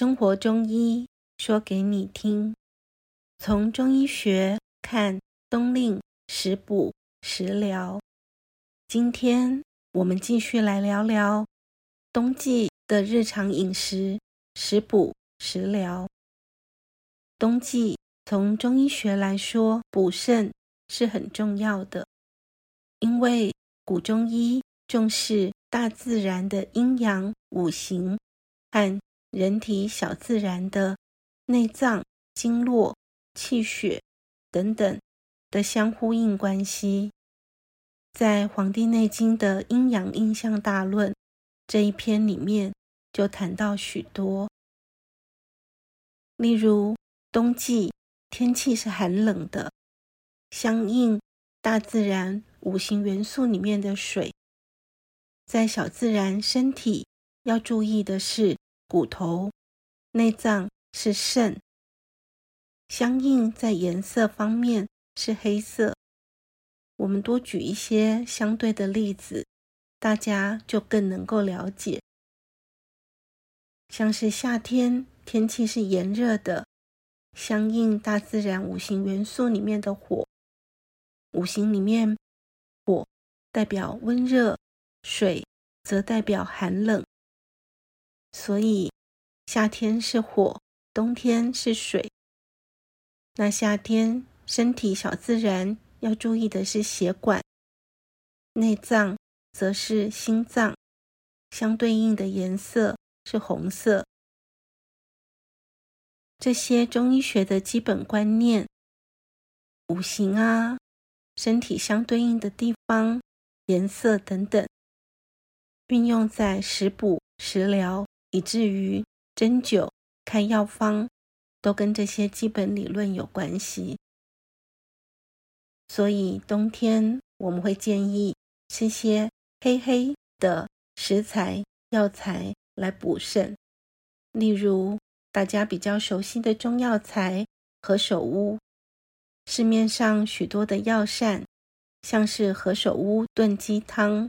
生活中醫說給你聽，從中醫學看冬令食補食療。今天我們繼續來聊聊，冬季的日常飲食、食補、食療。冬季，從中醫學來說，補腎是很重要的，因為古中醫重視大自然的陰陽五行和人體小自然的內臟、經絡、氣血等等的相呼應關係，在《黃帝內經》的陰陽應象大論這一篇裡面就談到許多。例如，冬季天氣是寒冷的，相應大自然五行元素裡面的水，在小自然身體要注意的是，骨頭、內臟是腎，相應在顏色方面是黑色。我們多舉一些相對的例子，大家就更能夠了解。像是夏天，天氣是炎熱的，相應大自然五行元素裡面的火。五行裡面，火代表溫熱，水則代表寒冷。所以，夏天是火，冬天是水。那夏天身體小自然要注意的是血管，內臟則是心臟，相對應的顏色是紅色。這些中醫學的基本觀念，五行啊，身體相對應的地方，顏色等等，運用在食補、食療，以至於針灸、開藥方都跟這些基本理論有關係。所以冬天我們會建議吃些黑黑的食材、藥材來補腎，例如大家比較熟悉的中藥材何首烏，市面上許多的藥膳，像是何首烏燉雞湯，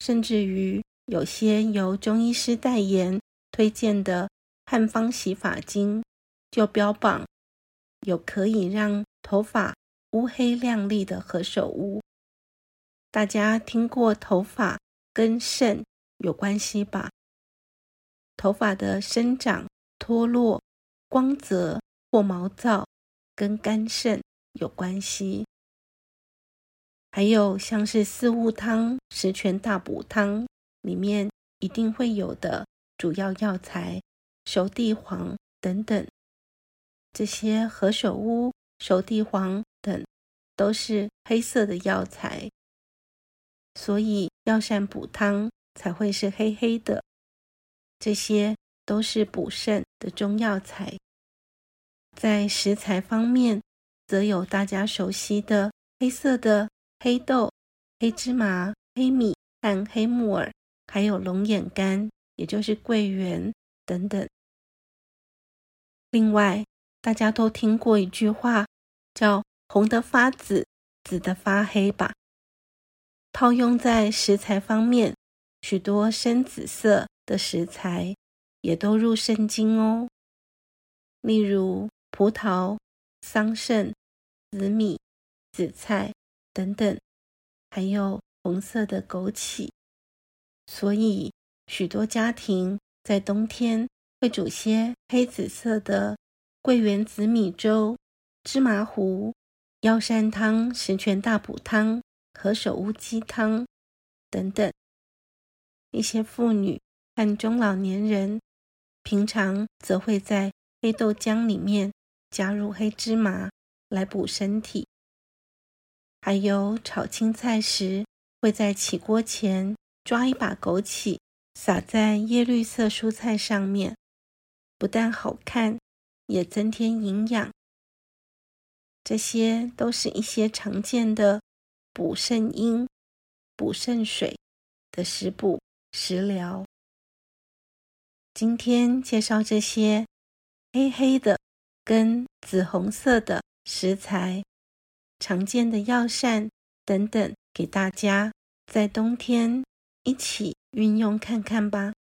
甚至於有些由中醫師代言。推薦的漢方洗髮精就標榜有可以讓頭髮烏黑亮麗的何首烏。大家聽過頭髮跟腎有關係吧？頭髮的生長、脫落、光澤或毛燥跟肝腎有關係。還有像是四物湯、十全大補湯裡面一定會有的。主要藥材熟地黃等等，這些何首烏、熟地黃等都是黑色的藥材，所以藥膳補湯才會是黑黑的。這些都是補腎的中藥材。在食材方面，則有大家熟悉的黑色的黑豆、黑芝麻、黑米，和黑木耳，還有龍眼乾。也就是桂圓等等。另外，大家都聽過一句話，叫“紅得發紫，紫的發黑”吧？套用在食材方面，許多深紫色的食材也都入腎經哦，例如葡萄、桑椹、紫米、紫菜等等，還有紅色的枸杞。所以，許多家庭在冬天會煮些黑紫色的桂圓紫米粥、芝麻糊、藥膳湯、十全大補湯、何首烏雞湯等等。一些婦女和中老年人平常則會在黑豆漿裡面加入黑芝麻來補身體，還有炒青菜時會在起鍋前抓一把枸杞。撒在葉綠色蔬菜上面，不但好看，也增添營養。這些都是一些常見的補腎陰、補腎水的食補食療。今天介紹這些黑黑的跟紫紅色的食材，常見的藥膳等等，給大家在冬天一起。運用看看吧。